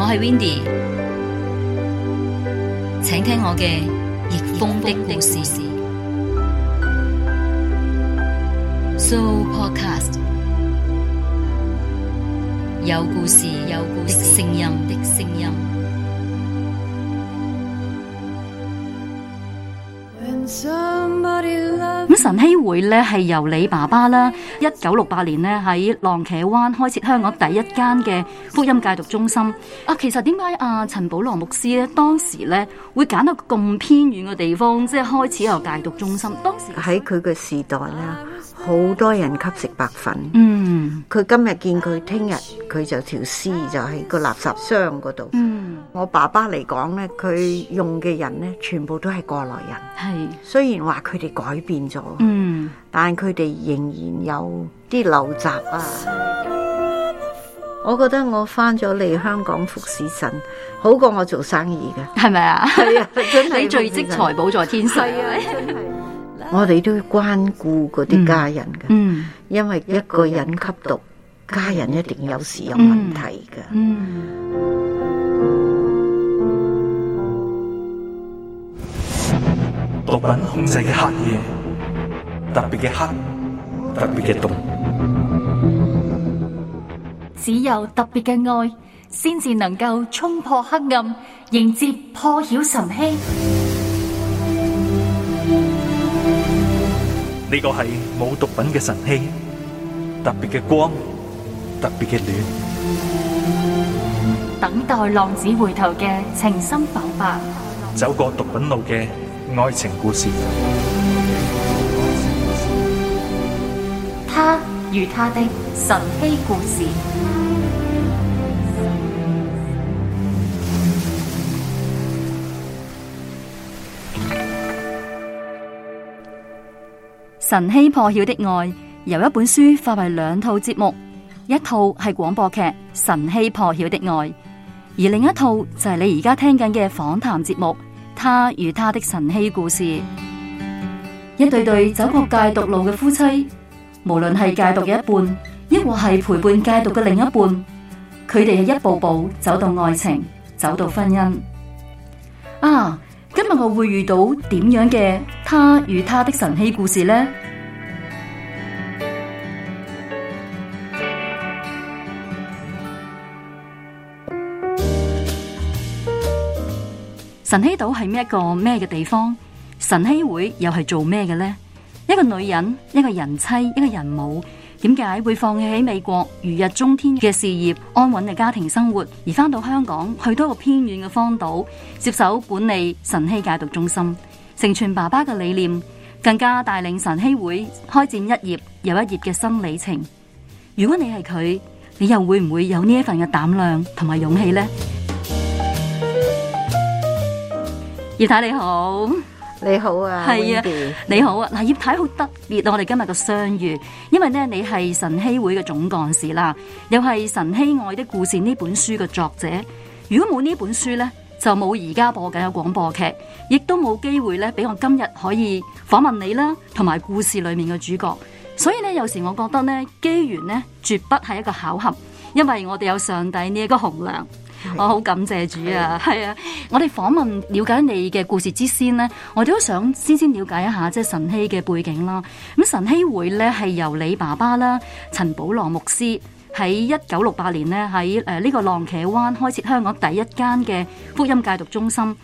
我係 Windy，請聽我嘅逆風的故事。So Podcast 有故事，有故事，的聲音，的聲音。晨曦會咧，係由你爸爸啦，一九六八年咧，喺浪茄灣開設香港第一間嘅福音戒毒中心啊！其實點解啊陳保羅牧師咧，當時咧，會揀到咁偏遠嘅地方，即係開始有戒毒中心？當時喺佢嘅時代咧。 好多人吸食白粉，嗯，佢今日見佢，聽日佢就條屍就喺個垃圾箱嗰度，嗯， 我爸爸嚟講咧，佢用嘅人咧，全部都係過來人，係，是 雖然話佢哋改變咗，嗯， 但係佢哋仍然有啲陋習啊，我覺得我翻咗嚟香港服侍神，好過我做生意嘅，係咪啊？係啊，就是、 你聚積財寶在天上、啊。 我哋都要關顧嗰啲家人嘅，因為一個人吸毒，家人一定有時有問題嘅。毒品控制嘅黑夜，特別嘅黑，特別嘅毒。只有特別嘅愛，先至能夠衝破黑暗，迎接破曉晨曦。呢個係冇毒品嘅神奇，特別嘅光，特別嘅暖。等待浪子回頭嘅情深爆發，走過毒品路嘅愛情故事，他與他的神奇故事。神希破曉的愛由一本書化為兩套節目，一套係廣播劇《神希破曉的愛》，而另一套就係你而家聽緊嘅訪談節目《他與他的神希故事》。一對對走過戒毒路嘅夫妻，無論係戒毒嘅一半，抑或係陪伴戒毒嘅另一半，佢哋係一步步走到愛情，走到婚姻。啊，今日我會遇到點樣嘅他與他的神希故事呢？晨曦島係咩一個咩嘅地方？晨曦會又係做咩嘅呢？一個女人，一個人妻，一個人母，點解會放棄喺美國如日中天嘅事業、安穩嘅家庭生活，而翻到香港去多個偏遠嘅荒島，接手管理晨曦戒毒中心，成全爸爸嘅理念，更加帶領晨曦會開展一頁又一頁嘅新里程。如果你係佢，你又會唔會有呢一份嘅膽量同埋勇氣呢？葉太你好，你好啊，係啊，y 你好啊，嗱，葉太好特別，我哋今日嘅相遇，因為呢，你係晨曦會嘅總幹事啦，又係《晨曦愛的故事》呢本書嘅作者。如果冇呢本書呢，就冇而家播緊嘅廣播劇，亦都冇機會呢，俾我今日可以訪問你啦，同埋故事裏面嘅主角。所以呢，有時我覺得呢，機緣呢，絕不係一個巧合，因為我哋有上帝呢一個紅娘。我好、 oh, 感謝主啊，係啊的的！我哋訪問了解你嘅故事之先呢，我哋都想先先了解一下即係晨曦嘅背景啦、啊。咁、嗯、晨曦會呢係由你爸爸啦，陳保羅牧師喺一九六八年呢，喺誒呢個浪茄灣開設香港第一間嘅福音戒毒中心，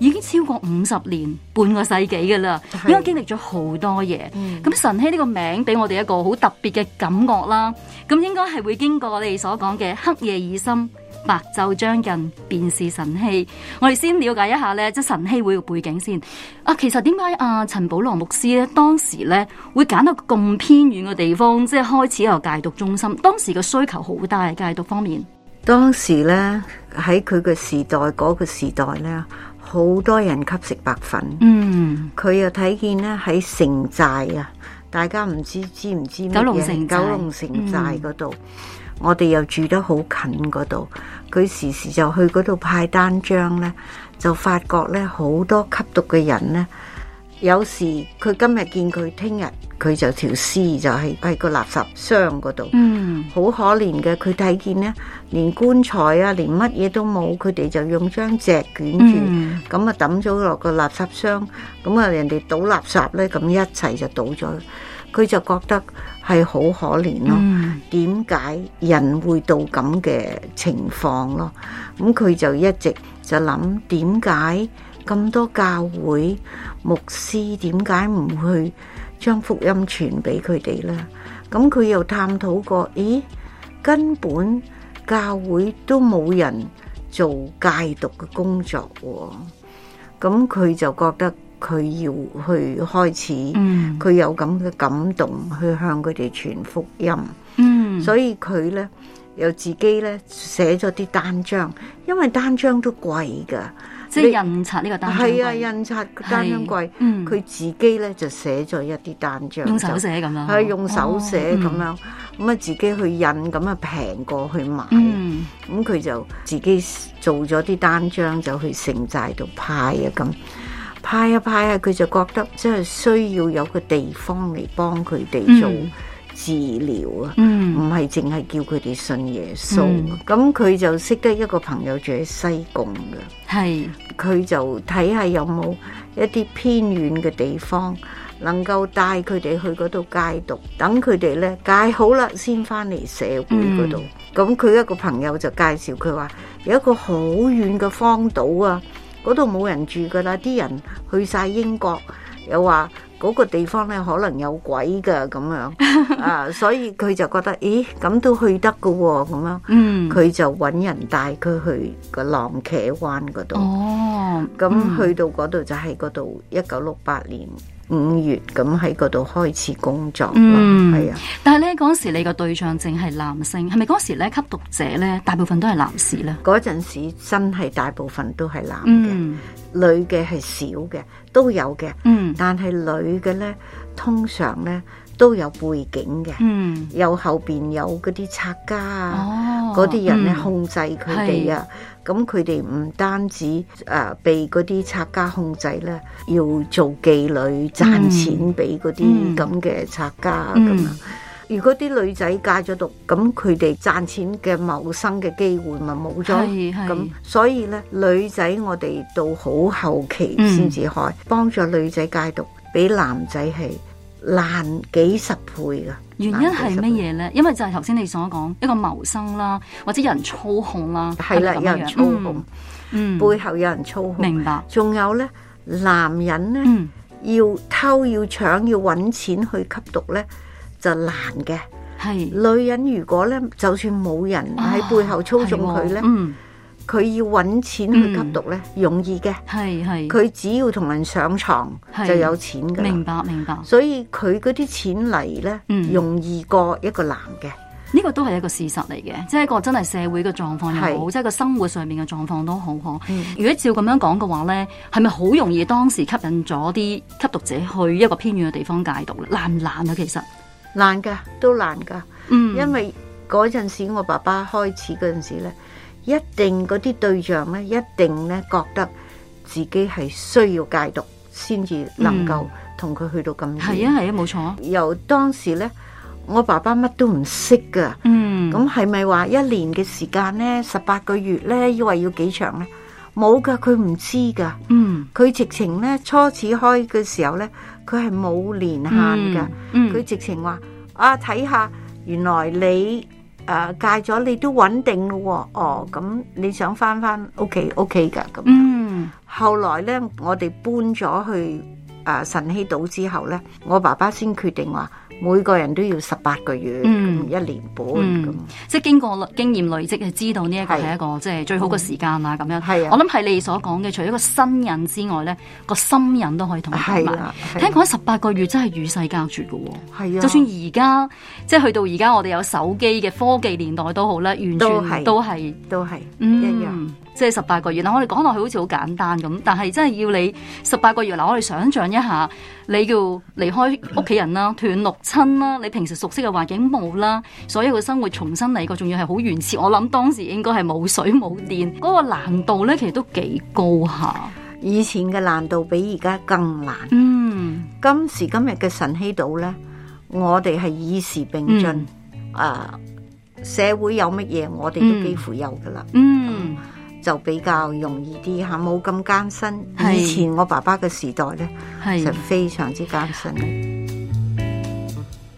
已經超過五十年半個世紀噶啦，應該經歷咗好多嘢。咁晨曦呢個名俾我哋一個好特別嘅感覺啦。咁應該係會經過我哋所講嘅黑夜已深，白晝將近，便是晨曦。我哋先了解一下咧，即係晨曦會嘅背景先。啊，其實點解阿陳保羅牧師咧，當時咧會揀到咁偏遠嘅地方，即係開始有戒毒中心？當時嘅需求好大，戒毒方面。當時咧喺佢嘅時代，嗰、嗰個時代咧，好多人吸食白粉。嗯，佢又睇見咧喺城寨啊，大家唔知知唔知咩嘢？九龍城，九龍城寨嗰度、嗯，我哋又住得好近嗰度。佢時時就去嗰度派單張咧，就發覺咧好多吸毒嘅人咧，有時佢今日見佢，聽日佢就條屍就係喺個垃圾箱嗰度，嗯，好可憐嘅。佢睇見咧，連棺材啊，連乜嘢都冇，佢哋就用張席捲住，咁啊抌咗落個垃圾箱，咁啊人哋倒垃圾咧，咁一齊就倒咗。佢就覺得係好可憐咯，點解人會到咁嘅情況咯？咁佢就一直就諗點解咁多教會牧師點解唔去將福音傳俾佢哋咧？咁佢又探討過，咦，根本教會都冇人做戒毒嘅工作喎。咁佢就覺得。佢要去開始，佢有咁嘅感動，去向佢哋傳福音。嗯、所以佢咧，又自己咧寫咗啲單張，因為單張都貴噶，即係印刷呢個單。係你啊，印刷單張貴。佢、嗯、自己咧就寫咗一啲單張、啊，用手寫咁樣，係用手寫咁樣，咁啊、嗯、自己去印，咁啊平過去買。嗯，咁佢、嗯、就自己做咗啲單張，就去城寨度派啊咁。派啊派啊，佢就覺得即係需要有個地方嚟幫佢哋做治療啊，唔係淨係叫佢哋信耶穌。咁佢、嗯、就識得一個朋友住喺西貢㗎，佢是就睇下有冇一啲偏遠嘅地方能夠帶佢哋去嗰度戒毒，等佢哋咧戒好啦先翻嚟社會嗰度。咁佢、嗯、一個朋友就介紹佢話有一個好遠嘅荒島啊。嗰度冇人住噶啦，啲人去晒英國，又話嗰個地方咧可能有鬼噶咁樣， 啊，所以佢就覺得，咦，咁都去得噶喎，哦，咁樣，嗯，佢就揾人帶佢去個浪茄灣嗰度，哦，咁去到嗰度就喺嗰度一九六八年。五月咁喺嗰度開始工作啦，係、嗯、啊！但係咧嗰時你個對象淨係男性，係咪嗰時咧吸毒者咧大部分都係男士咧？嗰陣時真係大部分都係男嘅，嗯、女嘅係少嘅，都有嘅。嗯，但係女嘅咧，通常咧都有背景嘅，嗯，又後面有後邊有嗰啲拆家啊，嗰啲人咧控制佢哋啊。咁佢哋唔單止誒、呃、被嗰啲拆家控制咧，要做妓女賺錢俾嗰啲咁嘅拆家咁啊、嗯嗯！如果啲女仔戒咗毒，咁佢哋賺錢嘅謀生嘅機會咪冇咗？咁所以咧，女仔我哋到好後期先至開，嗯、幫助女仔戒毒，俾男仔係。難幾十倍噶，原因係乜嘢呢？因為就係頭先你所講一個謀生啦，或者有人操控啦，係啦，有人操控，嗯，嗯，背後有人操控，明白。仲有呢，男人呢，嗯、要偷要搶要揾錢去吸毒呢，就難嘅，係是女人如果呢，就算冇人喺、哦、背後操縱佢呢。佢要揾錢去吸毒呢，嗯、容易嘅。係係。佢只要同人上床是就有錢㗎。明白明白。所以佢嗰啲錢嚟呢，嗯、容易過一個男嘅。呢個都係一個事實嚟嘅，即、就、係、是、一個真係社會嘅狀況又好，即係是個生活上面嘅狀況都好呵。嗯、如果照咁樣講嘅話呢，係咪好容易當時吸引咗啲吸毒者去一個偏遠嘅地方戒毒呢？難唔難啊？其實難嘅，都難嘅。因為嗰陣、嗯、時我爸爸開始嗰陣時呢。一定嗰啲對象咧，一定咧覺得自己係需要戒毒，先至能夠同佢去到咁。係啊、嗯，係啊，冇錯。由當時咧，我爸爸乜都唔識噶。嗯。咁係咪話一年嘅時間咧，十八個月咧，以為要幾長咧？冇噶，佢唔知噶。嗯。佢直情咧，初次開嘅時候咧，佢係冇年限噶。佢、嗯嗯、直情話：啊，睇下原來你。誒、uh, 戒咗你都穩定咯喎、哦，哦，咁你想返返屋企 OK 㗎、okay、咁，嗯，後來咧我哋搬咗去。啊！晨曦島之後咧，我爸爸先決定話每個人都要十八個月，嗯、一年半咁、嗯。即係經過經驗累積，係知道呢一個係一個即係最好嘅時間、嗯、樣啊！咁樣，我諗係你所講嘅，除咗個新人之外咧，個新人都可以同佢埋。啊啊、聽講十八個月真係與世隔絕嘅喎，係啊！就算而家即係去到而家我哋有手機嘅科技年代都好啦，完全都係都係、嗯、一樣。即係十八個月，嗱我哋講落去好似好簡單咁，但係真係要你十八個月，嗱我哋想象一下，你要離開屋企人啦，斷六親啦，你平時熟悉嘅環境冇啦，所有嘅生活重新嚟過，仲要係好原始，我諗當時應該係冇水冇電，嗰、嗰個難度呢其實都幾高吓。以前嘅難度比而家更難。嗯，今時今日嘅晨曦島呢，我哋係以時並進，嗯、啊，社會有乜嘢我哋都幾乎有噶啦、嗯。嗯。就比較容易啲嚇，冇、啊、咁艱辛。是以前我爸爸嘅時代咧，就是非常之艱辛。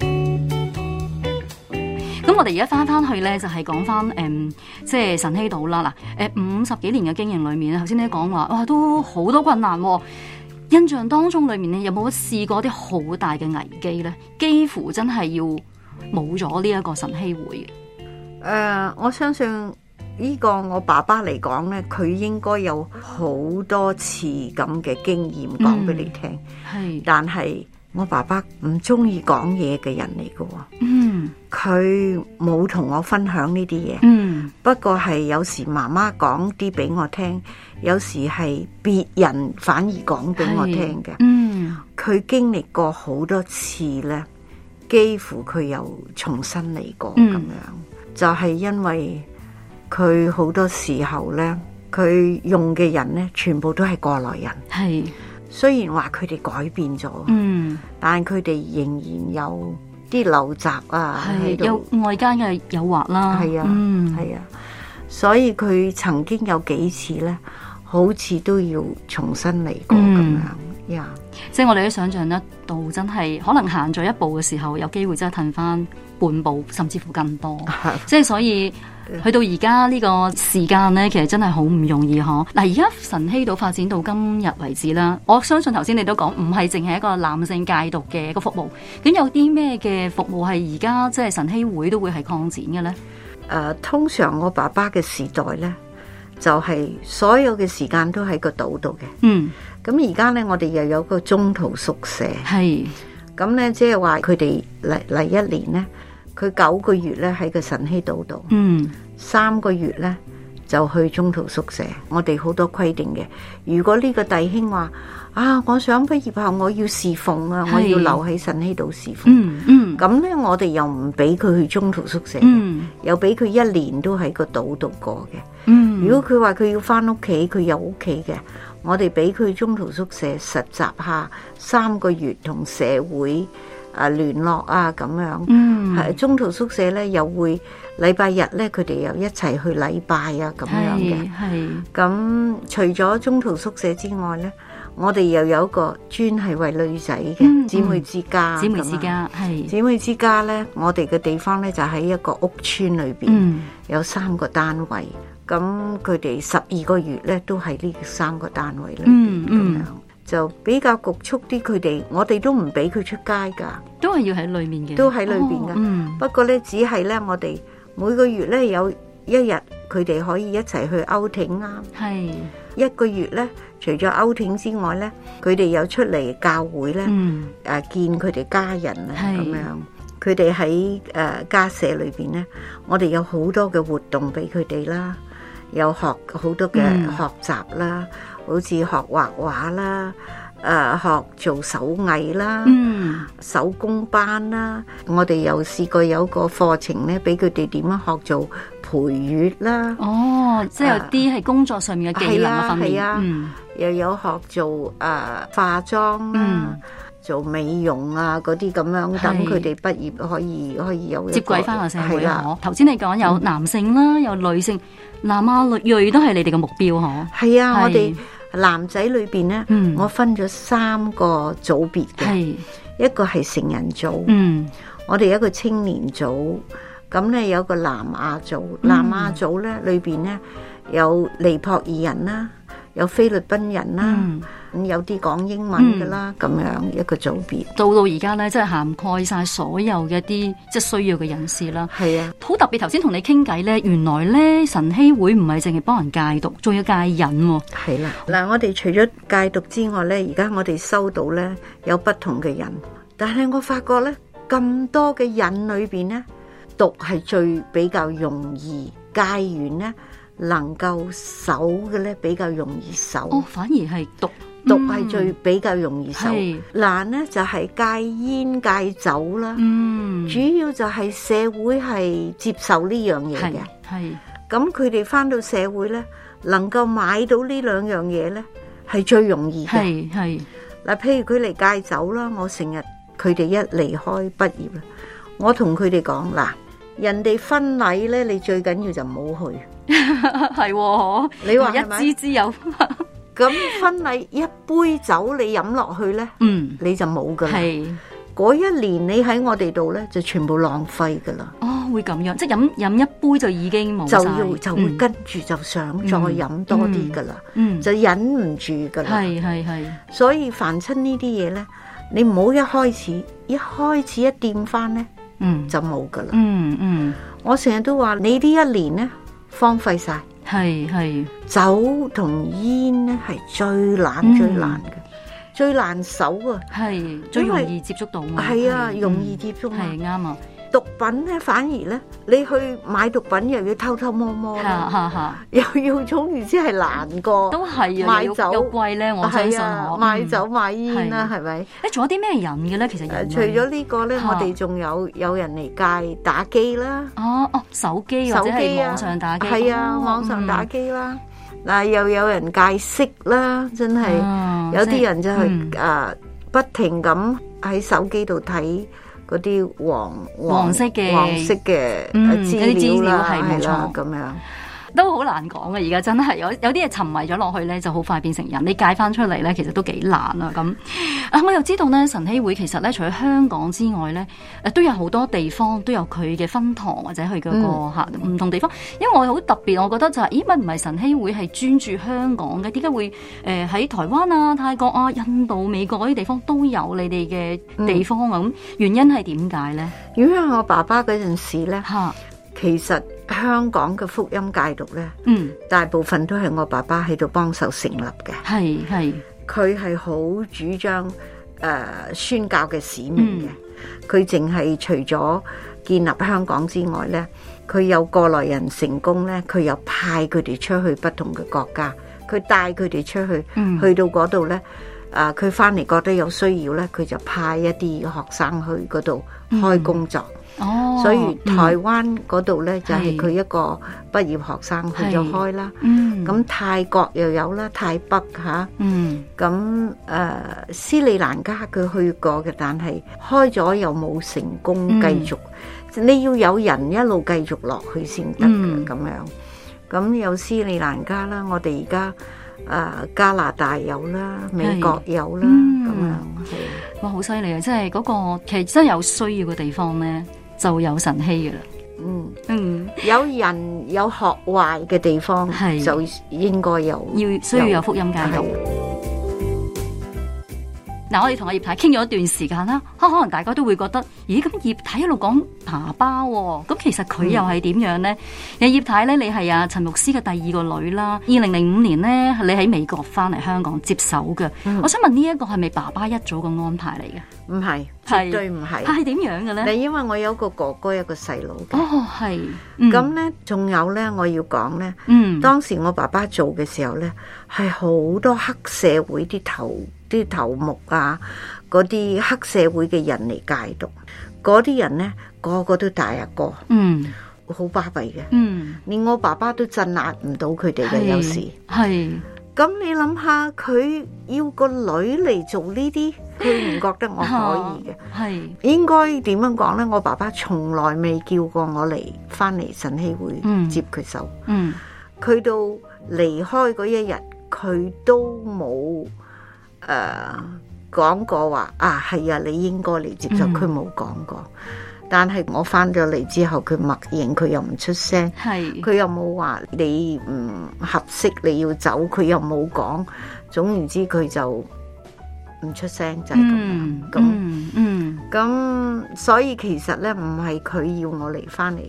咁我哋而家翻翻去咧，就係、是、講翻誒，即、嗯、係、就是、神曦島晨曦島啦。嗱、嗯，誒五十幾年嘅經營裏面，頭先你講話，哇，都好多困難，哦。印象當中裏面咧，你有冇試過啲好大嘅危機咧？幾乎真係要冇咗呢一個晨曦會嘅、呃。我相信。呢個我爸爸嚟講呢，佢應該有好多次咁嘅經驗講俾你聽。係、嗯，但係我爸爸唔中意講嘢嘅人嚟嘅。嗯，佢冇同我分享呢啲嘢。嗯，不過係有時媽媽講啲俾我聽，有時係別人反而講俾我聽嘅。嗯，佢經歷過好多次呢，幾乎佢又重新嚟過咁樣，嗯、就係因為。佢好多時候呢，佢用嘅人呢，全部都係過來人。係是，雖然話佢哋改變咗，嗯，但係佢哋仍然有啲陋習啊，是有外間嘅誘惑啦，係啊，嗯，係啊，所以佢曾經有幾次呢，好似都要重新嚟過咁樣呀。嗯、Yeah. 即係我哋都想象得到真，真係可能行咗一步嘅時候，有機會真係褪翻半步，甚至乎更多。即係所以。去到而家呢個時間呢，其實真係好唔容易嗬。嗱、啊，而家晨曦島發展到今日為止啦，我相信頭先你都講，唔係淨係一個男性戒毒嘅個服務。咁有啲咩嘅服務係而家即係晨曦會都會係擴展嘅呢？誒、啊，通常我爸爸嘅時代呢，就係、是、所有嘅時間都喺個島度嘅。嗯。咁而家呢，我哋又有個中途宿舍。係是。咁呢，即係話佢哋嚟嚟一年呢。佢九個月咧喺個晨曦島度，嗯、三個月咧就去中途宿舍。我哋好多規定嘅。如果呢個弟兄話啊，我想畢業後我要侍奉啊，是我要留喺晨曦島侍奉。嗯嗯，咁、嗯、咧我哋又唔俾佢去中途宿舍，嗯、又俾佢一年都喺個島度過嘅。嗯、如果佢話佢要返屋企，佢有屋企嘅，我哋俾佢中途宿舍實習下三個月同社會。啊，聯絡啊，咁樣，係、嗯、中途宿舍咧，又會禮拜日咧，佢哋又一齊去禮拜啊，咁樣嘅。係，咁除咗中途宿舍之外咧，我哋又有一個專係為女仔嘅姊妹之家。姊、嗯、咁樣，姊妹之家係姊妹之家咧，我哋嘅地方咧就喺一個屋村裏邊，嗯、有三個單位。咁佢哋十二個月咧都喺呢三個單位裏邊咁、嗯嗯、樣。就比較局促啲，佢哋我哋都唔俾佢出街噶，都係要喺裏面嘅，都喺裏邊嘅。哦嗯、不過咧，只係咧，我哋每個月咧有一日佢哋可以一齊去歐艇啦。係是一個月咧，除咗歐艇之外咧，佢哋有出嚟教會咧，誒、嗯啊、見佢哋家人啊咁是樣。佢哋喺誒家社裏邊咧，我哋有好多嘅活動俾佢哋啦，有學好多嘅學習啦。嗯好似學畫畫啦，誒學做手藝啦，手工班啦，我哋又試過有個課程咧，俾佢哋點樣學做培養啦。哦，即係有啲係工作上面嘅技能嘅方面，又有學做誒化妝，做美容啊嗰啲咁樣，等佢哋畢業可以可以有接軌翻個社會。係啦，頭先你講有男性啦，有女性，男啊女，鋭都係你哋嘅目標。嗬，係啊，我哋。男仔裏邊咧，嗯、我分咗三個組別嘅，係一個係成人組，嗯、我哋一個青年組，咁咧有個南亞組，南亞組咧裏邊咧有尼泊爾人啦。有菲律賓人啦，啊，咁、嗯、有啲講英文嘅啦，啊，咁、嗯、樣一個組別。到到而家咧，真係涵蓋晒所有嘅一啲即係需要嘅人士啦。係啊的，好特別。頭先同你傾偈咧，原來咧晨曦會唔係淨係幫人戒毒，仲要戒癮喎，哦。係的啦，嗱，我哋除咗戒毒之外咧，而家我哋收到咧有不同嘅人，但係我發覺咧咁多嘅癮裏邊咧，毒係最比較容易戒完咧。能夠守嘅咧比較容易守，哦，反而係毒毒係最比較容易守、嗯、難咧就係、是、戒煙戒酒啦，嗯，主要就係社會係接受呢樣嘢嘅，係咁佢哋返到社會咧，能夠買到呢兩樣嘢咧係最容易嘅，係嗱，譬如佢嚟戒酒啦，我成日佢哋一離開畢業啦，我同佢哋講嗱。人哋婚禮咧，你最緊要就唔好去，係喎、 哦。你話係咪？一支支有，咁 婚禮一杯酒你飲落去咧，嗯，你就冇噶啦。係嗰是一年你喺我哋度咧，就全部浪費噶啦。哦，會咁樣，即係飲飲一杯就已經冇曬。就要就會跟住就想再飲多啲噶啦，嗯嗯嗯、就忍唔住噶啦。係係係。所以凡親呢啲嘢咧，你唔好一，一開始一開始一掂翻咧。嗯，就冇噶啦。嗯嗯，我成日都話你呢一年咧荒廢晒，係係，酒同煙咧係最難最難嘅，最難守啊，係最容易接觸到啊，係為啊，是容易接觸啊，啱、嗯、啊。毒品咧，反而咧，你去買毒品又要偷偷摸摸啦，又要總之係難過，都係啊，買酒貴咧，我相信，買酒買煙啦，係咪？誒，仲有啲咩癮嘅咧？其實，除咗呢個咧，我哋仲有有人嚟戒打機啦，哦哦，手機或者係網上打機，係啊，網上打機啦。嗱，又有人戒色啦，真係有啲人就係誒，不停咁喺手機度睇。嗰啲黃黃，黃色嘅黃色嘅資料啦，係、嗯、啦咁樣。都好難講嘅，而家真係有有啲嘢沉迷咗落去咧，就好快變成人，你戒翻出嚟咧，其實都幾難啊！咁啊，我又知道咧，晨曦會其實咧，除咗香港之外咧，誒，都有好多地方都有佢嘅分堂或者去嘅、嗰個吓唔、嗯、同地方。因為我好特別，我覺得就係、是、咦，咪唔係晨曦會係專注香港嘅？點解會誒喺、呃、台灣啊、泰國啊、印度、美國嗰啲地方都有你哋嘅地方啊？咁、嗯、原因係點解咧？因為我爸爸嗰陣時咧，吓哈 其實。香港嘅福音戒毒咧，嗯，大部分都係我爸爸喺度幫手成立嘅，係係，佢係好主張誒，呃，宣教嘅使命嘅，佢淨係除咗建立香港之外咧，佢有過來人成功咧，佢又派佢哋出去不同嘅國家，佢帶佢哋出去，嗯，去到嗰度咧，啊，呃，佢翻嚟覺得有需要咧，佢就派一啲學生去嗰度開工作。嗯。哦，oh, 所以台灣嗰度咧就係佢一個畢業學生是去咗開啦。咁、嗯、泰國又有啦，泰北嚇、啊。嗯，咁誒、呃、斯里蘭卡佢去過嘅，但係開咗又冇成功繼續。嗯、你要有人一路繼續落去先得嘅咁樣。咁有斯里蘭卡啦，我哋而家誒加拿大有啦，美國有啦咁是、嗯、樣。係哇，好犀利啊！即係嗰、那個其實真係有需要嘅地方咧。就有神氣嘅啦，嗯嗯，嗯有人有學壞嘅地方，係 的，就應該有，要需要有福音介入。嗱，我哋同阿葉太傾咗一段時間啦，嚇可能大家都會覺得，咦咁葉太一路講爸爸喎、哦，咁其實佢又係點樣呢？你、嗯、葉太呢，你係啊陳牧師嘅第二個女啦。二零零五年呢，你喺美國翻嚟香港接手嘅。嗯、我想問呢一、呢個係咪爸爸一早嘅安排嚟嘅？唔係，絕對唔係。係點樣嘅咧？你因為我有個哥哥，有個細佬嘅。哦，係。咁、嗯、呢，仲有呢，我要講呢。嗯。當時我爸爸做嘅時候呢，係好多黑社會啲頭，啲頭目啊，嗰啲黑社會嘅人嚟戒毒，嗰啲人咧個個都大一個，嗯，好巴閉嘅，嗯，連我爸爸都鎮壓唔到佢哋嘅。有時係咁，你諗下，佢要個女嚟做呢啲，佢唔覺得我可以嘅，係、 哦、是應該點樣講咧？我爸爸從來未叫過我嚟翻嚟神禧會接佢手，嗯，嗯，佢到離開嗰一日，佢都冇。誒講、uh, 過話啊，係啊，你應該嚟接受。佢冇講過。但係我翻咗嚟之後，佢默認，佢又唔出聲。係是，佢又冇話你唔合適，你要走，佢又冇講。總言之，佢就唔出聲，就係、是、咁。咁，嗯，咁那、嗯、所以其實咧，唔係佢要我嚟翻嚟，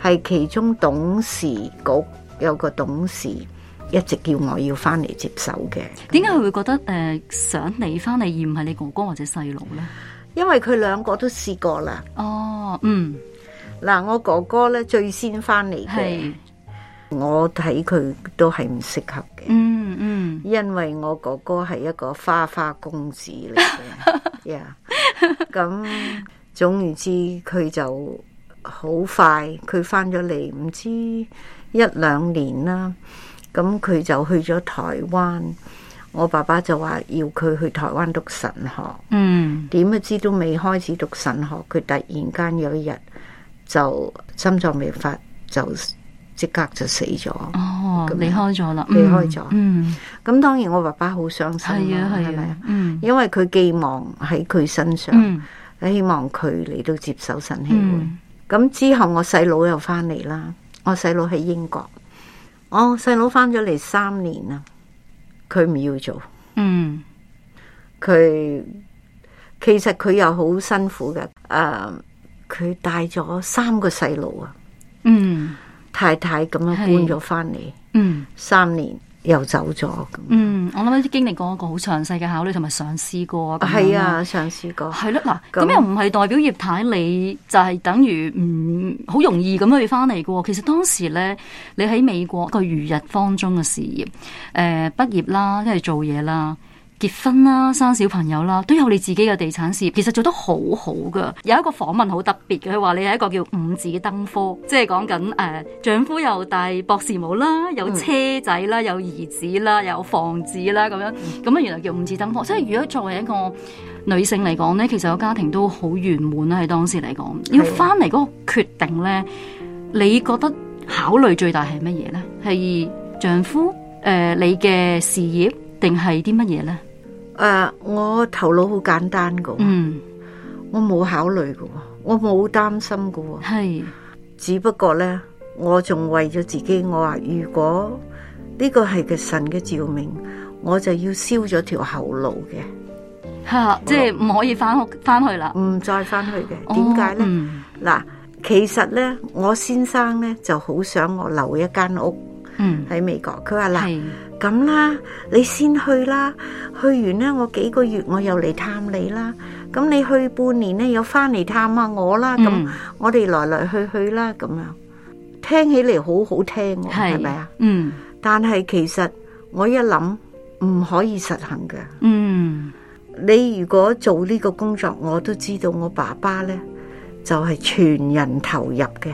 係其中董事局有個董事，一直叫我要翻嚟接手嘅，點解佢會覺得誒、呃、想你翻嚟而唔係你哥哥或者細佬呢？因為佢兩個都試過啦。哦，嗯，嗱、啊，我哥哥咧，最先翻嚟嘅，是我睇佢都係唔適合嘅、嗯。嗯嗯，因為我哥哥係一個花花公子嚟嘅。咁、 yeah、總言之，佢就好快，佢翻咗嚟唔知一兩年啦。咁佢就去咗台灣，我爸爸就話要佢去台灣讀神學。嗯，點都知都未開始讀神學，佢突然間有一日就心臟未發就即刻就死咗。哦，離開咗啦，離開咗。嗯，咁當然我爸爸好傷心啦，係咪？嗯，因為佢寄望喺佢身上，希望佢嚟到接受神氣。嗯，咁之後我細佬又翻嚟啦，我細佬喺英國。我細佬翻咗嚟三年啦，佢唔要做，嗯，佢其實佢又好辛苦嘅，誒、啊，佢帶咗三個細路啊，嗯，太太咁樣搬咗翻嚟，嗯是，三年。嗯嗯又走咗。嗯，我諗都經歷過一個好詳細嘅考慮同埋嘗試過。係啊，嘗試過。係咯，嗱，咁又唔係代表葉太你就係等於唔好容易咁去翻嚟嘅。其實當時咧，你喺美國個如日方中嘅事業，誒、呃，畢業啦，即係做嘢啦。結婚啦，生小朋友啦，都有你自己嘅地產事業，其實做得好好噶。有一個訪問好特別嘅，佢話你係一個叫五子登科，即係講緊誒，uh, 丈夫又戴博士帽啦，有車仔啦，嗯、有兒子啦，有房子啦，咁樣咁啊，樣原來叫五子登科。嗯、即係如果作為一個女性嚟講呢，其實個家庭都好圓滿啦。喺當時嚟講，嗯、要翻嚟嗰個決定呢，你覺得考慮最大係乜嘢呢？係丈夫誒、呃，你嘅事業定係啲乜嘢呢？誒，我頭腦好簡單噶，我冇考慮噶，我冇擔心噶，係只不過咧，我仲為咗自己，我話如果呢個係個神嘅召命，我就要燒咗條後路嘅，吓、啊，即係唔可以翻屋翻去啦，唔再翻去嘅。點解咧？嗱，其實咧，我先生咧就好想我留一間屋喺、嗯、美國，佢話嗱。」咁啦，你先去啦，去完咧，我幾個月我又嚟探你啦。咁你去半年咧，又翻嚟探下我啦。咁、嗯、我哋來來去去啦，咁樣聽起嚟好好聽，係咪啊？是吧嗯。但係其實我一諗，唔可以實行嘅。嗯。你如果做呢個工作，我都知道我爸爸咧就係、是、全人投入嘅。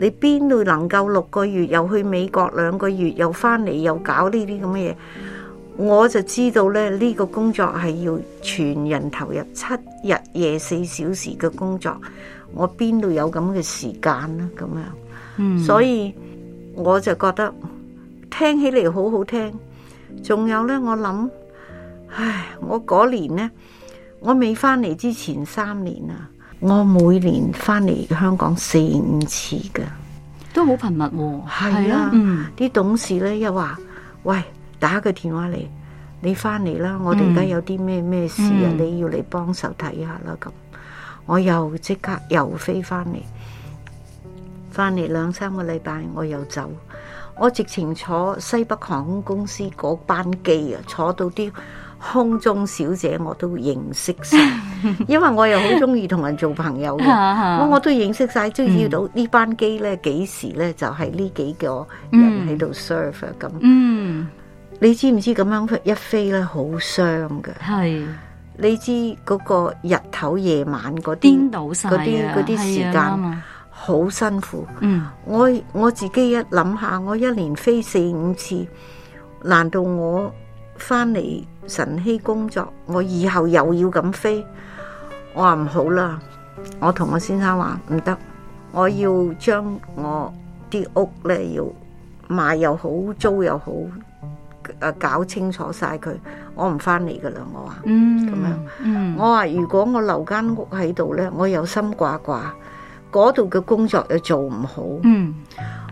你邊度能夠六個月又去美國兩個月又翻嚟又搞呢啲咁嘅嘢？我就知道咧，呢個工作係要全人投入七日夜四小時嘅工作。我邊度有咁嘅時間呢？咁樣，嗯、所以我就覺得聽起嚟好好聽。仲有呢，我諗，唉，我嗰年呢，我未翻嚟之前三年啊。我每年翻嚟香港四五次嘅，都好頻密喎、哦。係啊，啲、嗯、董事咧又話：喂，打個電話嚟，你翻嚟啦。我哋而家有啲咩咩事啊，嗯、你要嚟幫手睇下啦。咁，我又即刻又飛翻嚟，翻嚟兩三個禮拜我又走。我直情坐西北航空公司嗰班機啊，坐到啲。空中小姐我都認識晒， 因為我又好中意同人做朋友嘅，我 我都認識晒，即係要到呢班機咧幾時咧就係呢幾個人喺度 serve 咁。嗯，樣嗯，你知唔知咁樣一飛咧好傷㗎？係是你知嗰個日頭夜晚嗰啲啲嗰啲時間好辛苦。嗯，我我自己一諗下，我一年飛四五次，難道我？翻嚟晨曦工作，我以後又要咁飛，我話唔好啦。我同我先生話唔得，我要將我啲屋咧要賣又好租又好，誒、啊、搞清楚晒佢，我唔翻嚟噶啦。我話嗯咁樣，嗯、我話如果我留間屋喺度咧，我有心掛掛，嗰度嘅工作又做唔好。嗯，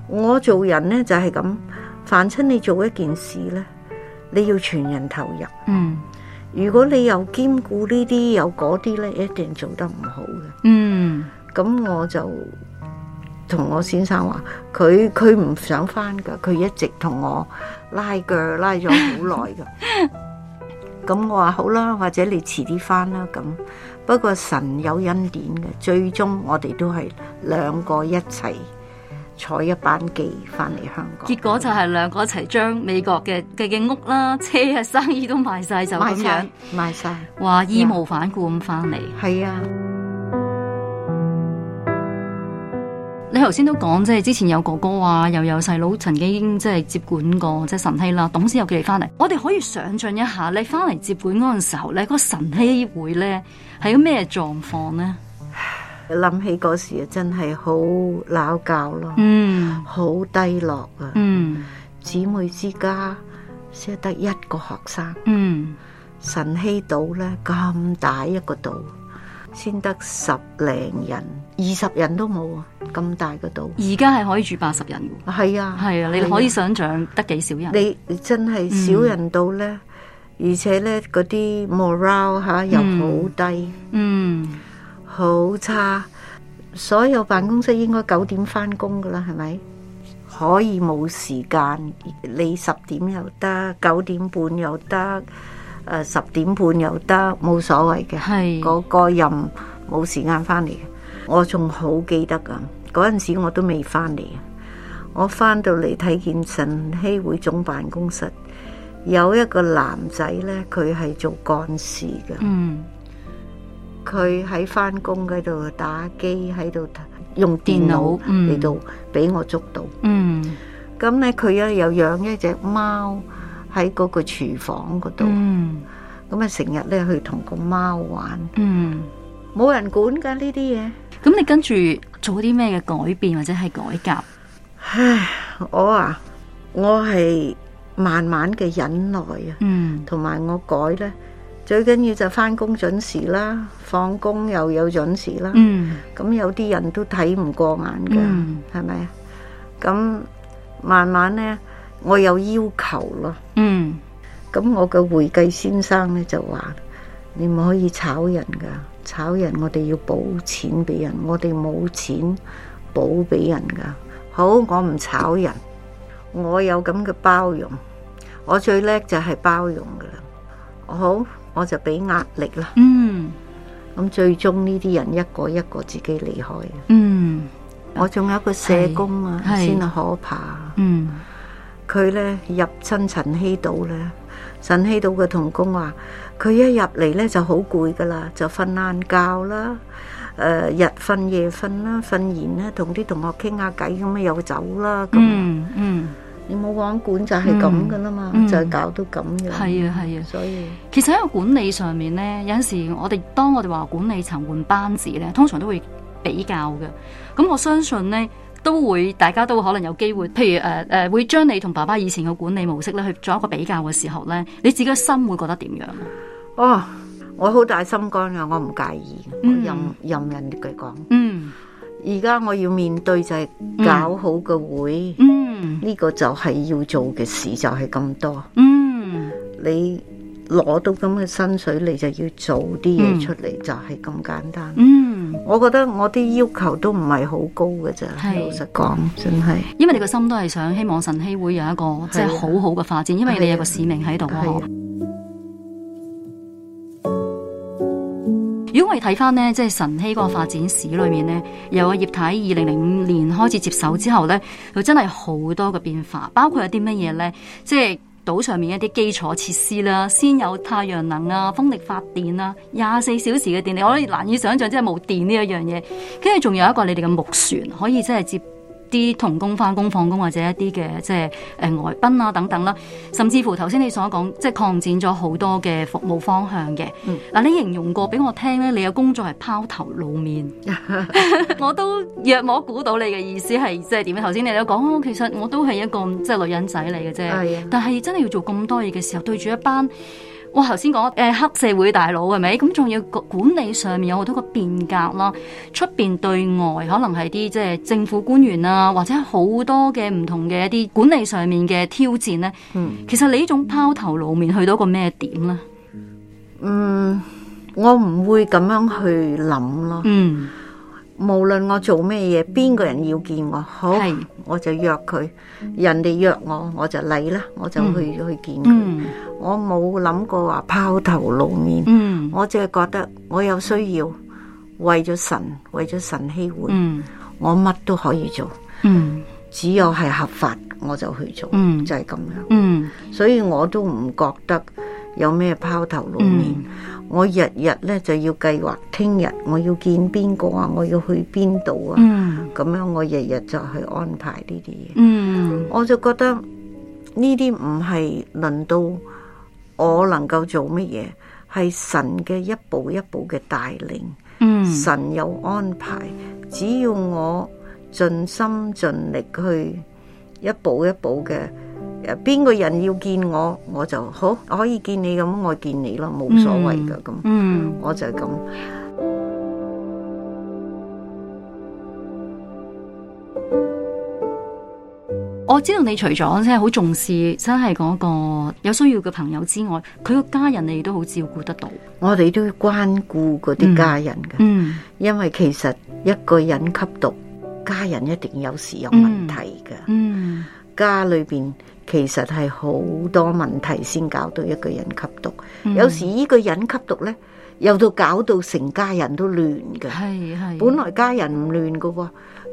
我做人咧就係、是、咁，凡親你做一件事咧。你要全人投入。嗯，如果你又兼顧呢啲有嗰啲咧，一定做得唔好嘅。嗯，咁我就同我先生話，佢佢唔想返㗎，佢一直同我拉鋸拉咗 好耐㗎。咁我話好啦，或者你遲啲返啦。咁不過神有恩典嘅，最終我哋都係兩個一齊。坐一班機翻嚟香港，結果就係兩個一齊將美國嘅嘅嘅屋啦、車啊、生意都賣晒，賣光就咁樣賣晒光，話義無反顧咁翻嚟。係啊，你頭先都講即係之前有哥哥啊，又有細佬曾經即係接管過即係晨曦啦，董事又叫你翻嚟，我哋可以想象一下，你翻嚟接管嗰陣時候咧，個晨曦會咧係個咩狀況呢？諗起嗰時啊，真係好鬧交咯，好低落啊！姊、嗯、妹之家先得一個學生，嗯、晨曦島咧咁大一個島，先得十零人，二十人都冇啊！咁大個島，而家係可以住八十人㗎。係啊，係啊，啊，你可以想像得幾少人？啊、你真係少人到咧，嗯、而且咧嗰啲 morale 嚇、啊、又好低，嗯。嗯。嗯好差！所有辦公室應該九點翻工㗎喇，係咪？可以冇時間，你十點又得，九點半又得，誒、呃、十點半又得，冇所謂嘅。係嗰是個,個任冇時間翻嚟，我仲好記得㗎！嗰陣時我都未翻嚟，我翻到嚟睇見晨曦會總辦公室有一個男仔呢，佢係做幹事嘅。嗯。佢喺翻工嗰度打機，喺度用電腦嚟到俾我捉到。嗯，咁咧佢咧又養一隻貓喺嗰個廚房嗰度。嗯，咁啊成日咧去同個貓玩。嗯，冇人管噶呢啲嘢。咁你跟住做啲咩嘅改變或者係改革？唉，我啊，我係慢慢嘅忍耐啊。嗯，同埋我改咧。最緊要就返工準時啦，放工又有準時啦。咁、嗯、有啲人都睇唔過眼嘅，係咪、嗯？咁慢慢咧，我有要求咯。咁、嗯、我嘅會計先生咧就話：「你唔可以炒人噶，炒人我哋要補錢俾人，我哋冇錢補俾人噶。」好，我唔炒人，我有咁嘅包容，我最叻就係包容噶啦。好。我就俾壓力啦，嗯，咁最終呢啲人一個一個自己離開，嗯，我仲有一個社工啊，先係是可怕，嗯，佢咧入親陳希島咧，陳希島嘅同工話，佢一入嚟咧就好攰噶啦，就瞓晏覺啦，誒日瞓夜瞓啦，瞓完咧同啲同學傾下偈咁，咪又走啦，嗯嗯。你冇往管就係咁噶啦嘛，嗯嗯、就係搞到咁樣。係啊係啊，所以其實喺個管理上面咧，有陣時我哋當我哋話管理層換班子咧，通常都會比較嘅。咁我相信咧，都會大家都可能有機會，譬如誒誒、呃呃，會將你同爸爸以前嘅管理模式咧去做一個比較嘅時候咧，你自己個心會覺得點樣？哦，我好大心肝呀，我唔介意嘅，我任、嗯、任人哋講。嗯。而家我要面對就係搞好個會，嗯、呢個就係要做嘅事就係咁多。嗯、你攞到咁嘅薪水，你就要做啲嘢出嚟，嗯、就係咁簡單。嗯、我覺得我啲要求都唔係好高嘅啫。是老實講，真係。因為你個心都係想希望晨曦會有一個即係好好嘅發展，啊、因為你有個使命喺度。你睇翻呢，即係晨曦嗰個發展史裏面呢，由阿葉太二零零五年開始接手之後呢，佢真係好多嘅變化，包括有啲乜嘢呢？即係島上面一啲基礎設施啦，先有太陽能啊、風力發電啊，廿四小時嘅電力，我都難以想象，即係冇電呢一樣嘢。跟住仲有一個你哋嘅木船，可以真係接。啲同工翻工放工或者一啲嘅即係誒外賓啊等等啦，甚至乎頭先你所講即係擴展咗好多嘅服務方向嘅。嗱、嗯呃，你形容過俾我聽咧，你嘅工作係拋頭露面， 我都若無，我估到你嘅意思係即係點樣，頭先你都講，其實我都係一個即係女人仔嚟嘅啫，哎、呀但係真係要做咁多嘢嘅時候，對住一班。我頭先講誒，黑社會大佬係咪？咁仲要管理上面有好多個變革啦，出邊對外可能係啲即係政府官員啊，或者好多嘅唔同嘅一啲管理上面嘅挑戰咧。嗯，其實你呢種拋頭露面去到個咩點咧？嗯，我唔會咁樣去諗咯。嗯。無論我做咩嘢，邊個人要見我，好是我就約佢。人哋約我，我就嚟啦，我就去、嗯、去見佢。嗯、我冇諗過話拋頭露面，嗯、我只係覺得我有需要，為咗神，為咗神希會，嗯、我乜都可以做。嗯、只有係合法，我就去做，嗯、就係咁樣。嗯嗯、所以我都唔覺得。有咩拋頭露面？嗯、我日日咧就要計劃，聽日我要見邊個啊，我要去邊度啊？咁、嗯、樣我日日就去安排呢啲嘢。嗯、我就覺得呢啲唔係輪到我能夠做乜嘢，係神嘅一步一步嘅帶領。神有安排，只要我盡心盡力去一步一步嘅。邊個人要見我，我就好，我可以見你咁，我見你咯，冇所謂噶咁，我就係咁。嗯嗯、我，我知道你除咗真係好重視，真係嗰個有需要嘅朋友之外，佢個家人你都好照顧得到。我哋都要關顧嗰啲家人嘅、嗯，嗯，因為其實一個人吸毒，家人一定有時有問題嘅、嗯，嗯，家裏邊。其實係好多問題先搞到一個人吸毒，mm. 有時呢個人吸毒咧，又到搞到成家人都亂噶。係係，本來家人唔亂噶喎，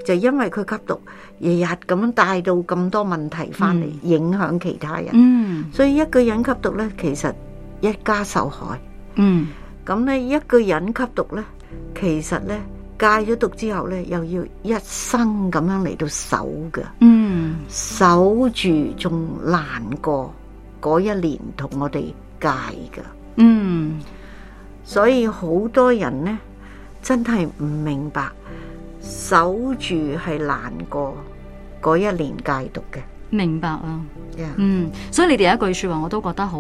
就因為佢吸毒，日日咁樣帶到咁多問題翻嚟，mm. 影響其他人。嗯，mm. 所以一個人吸毒咧，其實一家受害。嗯，咁咧一個人吸毒咧，其實咧。戒咗毒之後咧，又要一生咁樣嚟到守嘅。嗯，mm. 守住仲難過嗰一年同我哋戒㗎。嗯，mm. 所以好多人咧，真係唔明白，守住係難過嗰一年戒毒嘅。明白啊，Yeah. 嗯，所以你哋有一句說話，我都覺得好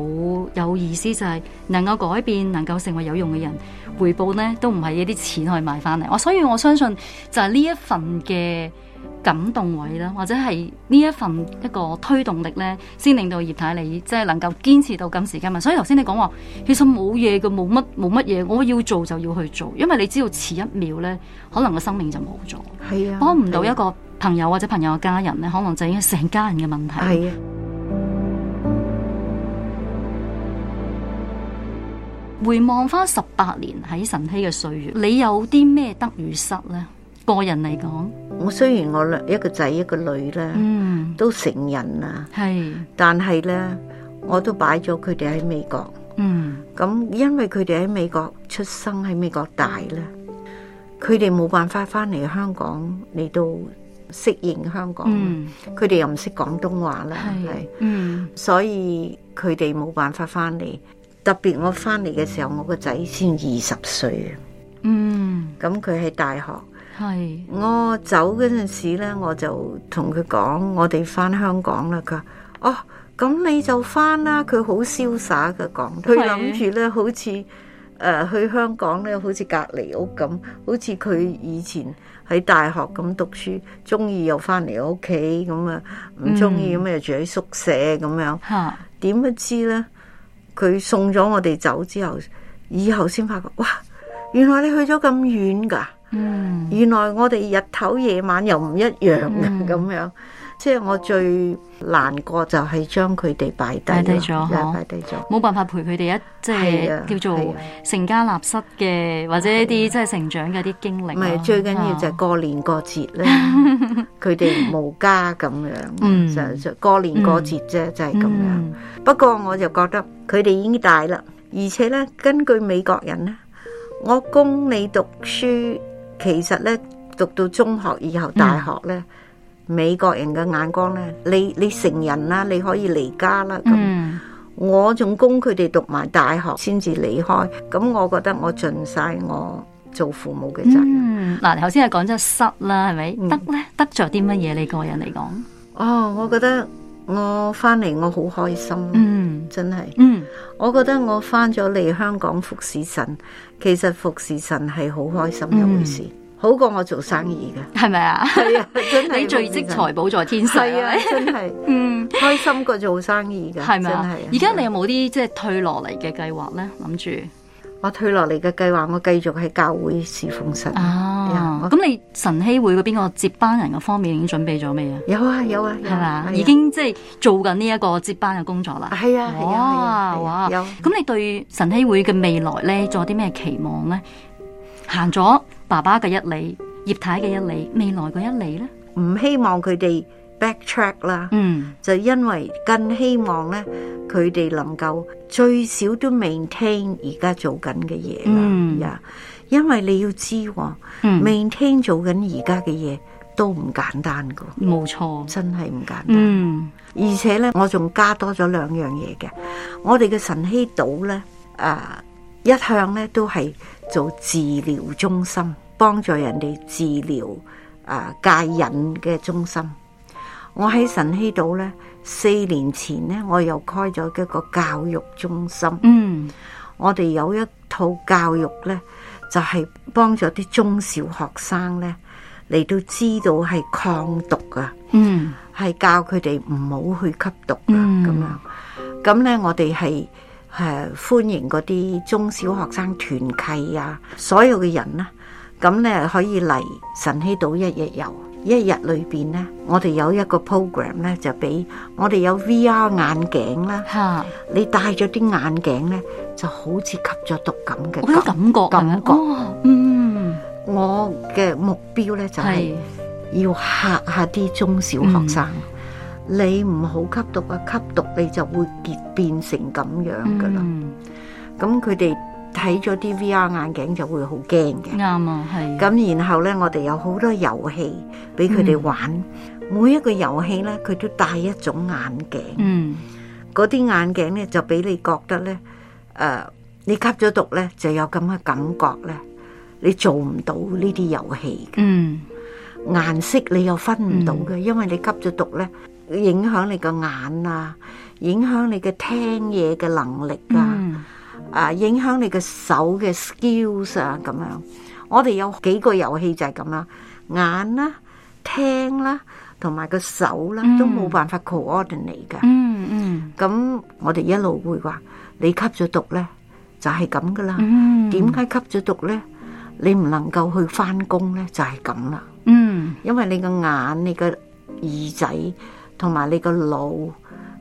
有意思，就係能夠改變，能夠成為有用嘅人，回報呢都唔係一啲錢可以買翻嚟。我所以我相信就係呢一份嘅感動位啦，或者係呢一份一個推動力呢，先令到葉太你即係能夠堅持到今時今日。所以頭先你講話，其實冇嘢嘅，冇乜冇乜嘢，我要做就要去做，因為你知道遲一秒呢，可能個生命就冇咗。係啊，幫唔到一個，啊。朋友或者朋友嘅家人咧，可能就係成家人嘅問題。係啊，回望翻十八年喺晨曦嘅歲月，你有啲咩得與失咧？個人嚟講，我雖然我兩一個仔一個女啦，嗯，都成人啦，係，但係咧，我都擺咗佢哋喺美國，嗯，咁因為佢哋喺美國出生喺美國大咧，佢哋冇辦法翻嚟香港嚟到。適應香港，佢哋、嗯、又唔識廣東話啦，係，所以佢哋冇辦法翻嚟。特別我翻嚟嘅時候，嗯、我個仔先二十歲，嗯，咁佢喺大學，係我走嗰陣時咧，我就同佢講，我哋翻香港啦。佢話：哦，咁你就翻啦。佢好瀟灑嘅講，佢諗住咧，好似誒、呃、去香港咧，好似隔離屋咁，好似佢以前。喺大學咁讀書，中意又翻嚟屋企咁啊，唔中意咁又住喺宿舍咁樣。點不知呢？佢送咗我哋走之後，以後先發覺，哇！原來你去咗咁遠噶，嗯，原來我哋日頭夜晚又唔一樣嘅咁，嗯，樣。即係我最難過就係將佢哋擺低，低咗，冇辦法陪佢哋一即係叫做成家立室嘅，或者一啲即係成長嘅一啲經歷。唔係，最緊要就係過年過節咧，佢哋無家咁樣，純粹過年過節啫，就係咁樣。不過我就覺得佢哋已經大啦，而且咧，根據美國人咧，我供你讀書，其實咧，讀到中學以後，大學咧。美國人嘅眼光咧，你你成人啦，你可以離家啦。嗯，我仲供佢哋讀埋大學先至離開。咁我覺得我盡晒我做父母嘅責任。嗱、嗯，頭先係講咗失啦，係咪、嗯？得咧，得咗啲乜嘢？你個人嚟講，哦，我覺得我翻嚟，我好開心。嗯，真係。嗯，我覺得我翻咗嚟香港服侍神，其實服侍神係好開心一回事。嗯嗯好過我做生意噶，係咪啊？係啊，你聚積財寶在天上啊，真係，嗯，開心過做生意噶，係咪啊？而家你有冇啲即係退落嚟嘅計劃咧？諗住我退落嚟嘅計劃，我繼續喺教會侍奉神。啊！咁你晨曦會嘅邊個接班人嘅方面已經準備咗未啊？有啊，有啊，係嘛，已經即係做緊呢一個接班嘅工作啦。係啊，哇哇！咁你對晨曦會嘅未來咧，仲有啲咩期望咧？行咗。爸爸嘅一理，葉太嘅一理，未來嘅一理咧，唔希望佢哋 backtrack 啦。嗯，就因為更希望咧，佢哋能夠最少都 maintain 而家做緊嘅嘢啦。嗯，因為你要知哦，嗯，maintain 做緊而家嘅嘢都唔簡單噶。冇錯，真係唔簡單。嗯，而且咧，我仲加多咗兩樣嘢嘅。我哋嘅晨曦島咧，誒，啊，一向咧都係。做治療中心，幫助人哋治療啊戒癮嘅中心。我喺神希島呢，四年前呢，我又開咗一個教育中心。嗯，我哋有一套教育呢，就係幫咗啲中小學生呢嚟到知道係抗毒啊，嗯，係教佢哋唔好去吸毒啊，咁、嗯、樣。咁呢，我哋係。誒歡迎嗰啲中小學生團契啊，所有嘅人啦、啊。咁咧可以嚟神溪島一日遊。一日裏邊咧，我哋有一個 program 咧，就俾我哋有 VR 眼鏡啦。嚇！ 你戴咗啲眼鏡咧，就好似吸咗毒咁嘅。嗰種感覺，感覺。哦、嗯，我嘅目標咧就係、是、要嚇下啲中小學生。你唔好吸毒啊！吸毒你就會變變成咁樣噶啦。咁佢哋睇咗啲 VR 眼鏡就會好驚嘅。啱啊，係。咁然後咧，我哋有好多遊戲俾佢哋玩，嗯、每一個遊戲咧，佢都戴一種眼鏡。嗯。嗰啲眼鏡咧，就俾你覺得咧，誒、呃，你吸咗毒咧，就有咁嘅感覺咧。你做唔到呢啲遊戲㗎。嗯。顏色你又分唔到嘅，嗯、因為你吸咗毒咧。影響你個眼啊，影響你嘅聽嘢嘅能力啊，mm hmm. 啊，影響你嘅手嘅 skills 啊，咁樣。我哋有幾個遊戲就係咁啦，眼啦、啊、聽啦、啊，同埋個手啦、啊，都冇辦法 coordinate 噶。嗯嗯、mm。咁、hmm. 我哋一路會話，你吸咗毒咧，就係咁噶啦。嗯、mm。點、hmm. 解吸咗毒咧？你唔能夠去翻工咧，就係咁啦。嗯、mm。Hmm. 因為你個眼、你個耳仔。同埋你個腦、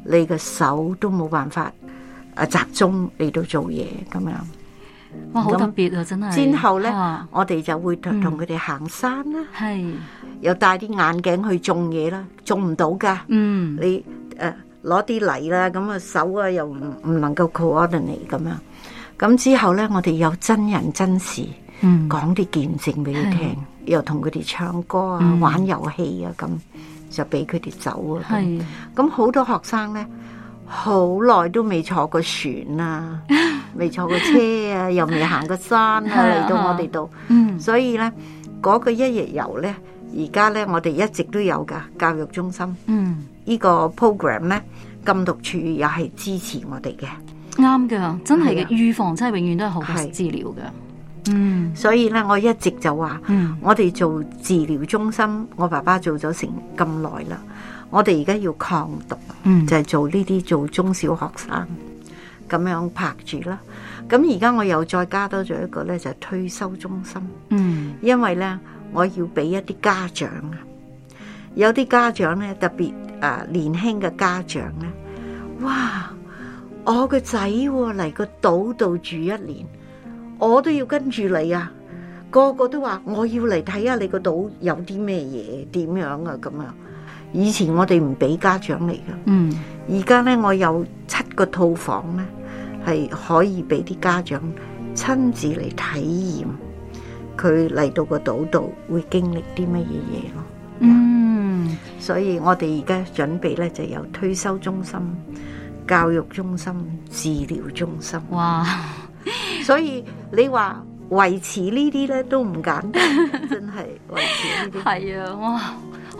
你個手都冇辦法啊集中嚟到做嘢咁樣，哇好那特別啊！真係。之後咧，我哋就會同同佢哋行山啦，係，又戴啲眼鏡去種嘢啦，種唔到噶。嗯，你誒攞啲泥啦，咁啊手啊又唔唔能夠 coordinate 咁樣。咁之後咧，我哋有真人真事，嗯，講啲見證俾佢聽，嗯、又同佢哋唱歌啊、玩遊戲啊咁。就俾佢哋走啊！咁好的多學生咧，好耐都未坐過船啊，未 坐過車啊，又未行過山啊，嚟 到我哋度。 所以咧，嗰、嗰個一日遊咧，而家咧，我哋一直都有噶教育中心。嗯，呢個 program 咧，禁毒處也係支持我哋嘅。啱嘅、嗯，真係嘅，的預防真係永遠都係好過治療嘅。嗯，mm. 所以咧，我一直就話，mm. 我哋做治療中心，我爸爸做咗成咁耐啦，我哋而家要抗毒，mm. 就係做呢啲做中小學生咁樣拍住啦。咁而家我又再加多咗一個咧，就係退休中心。嗯，mm. 因為咧，我要俾一啲家長，有啲家長咧，特別誒、啊、年輕嘅家長咧，哇，我個仔喎，嚟個島度住一年。我都要跟住你啊！個個都話我要嚟睇下你個島有啲咩嘢，點樣啊咁樣。以前我哋唔俾家長嚟㗎，嗯，而家呢，我有七個套房呢，係可以俾啲家長親自嚟體驗佢嚟到個島度會經歷啲乜嘢嘢咯。嗯，所以我哋而家準備呢，就有退休中心、教育中心、治療中心。哇！ 所以你話維持呢啲咧都唔簡單， 真係維持呢啲係啊哇！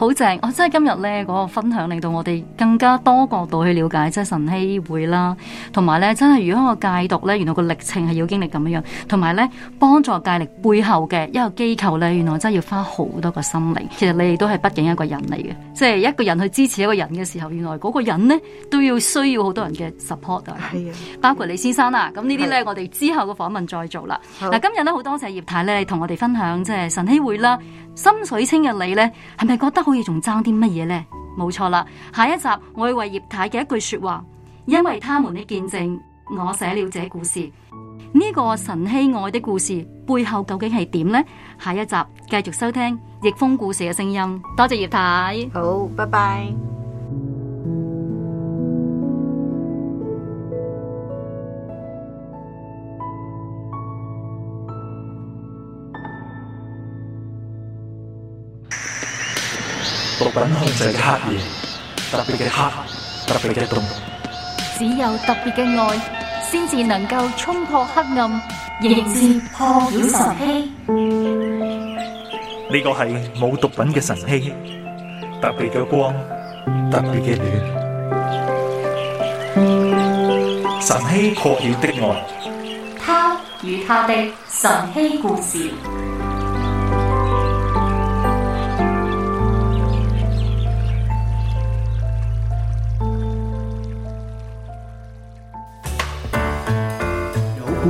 好正！我、啊、真係今日咧、嗰個分享，令到我哋更加多角度去了解，即係晨曦會啦，同埋咧真係如果我戒毒咧，原來個歷程係要經歷咁樣樣，同埋咧幫助戒力背後嘅一個機構咧，原來真係要花好多個心力。其實你哋都係畢竟一個人嚟嘅，即係一個人去支持一個人嘅時候，原來個人咧都要需要好多人嘅 support 啊！的包括李先生啊，咁的呢啲咧的我哋之後嘅訪問再做啦。嗱的，今日咧好多謝葉太咧同我哋分享，即係晨曦會啦，心水清嘅你咧，係咪覺得好？可以仲爭啲乜嘢呢？冇錯啦，下一集我會為葉太嘅一句說話，因為他們嘅見證，我寫了這故事。呢、這個神喜愛的故事背後究竟係點呢？下一集繼續收聽逆風故事嘅聲音。多謝葉太，好，拜拜。毒品控制嘅黑夜，特別嘅黑，特別嘅凍。只有特別嘅愛，先至能夠衝破黑暗，迎接破曉晨曦。呢個係冇毒品嘅晨曦，特別嘅光，特別嘅暖。晨曦破曉的愛，他與他的晨曦故事。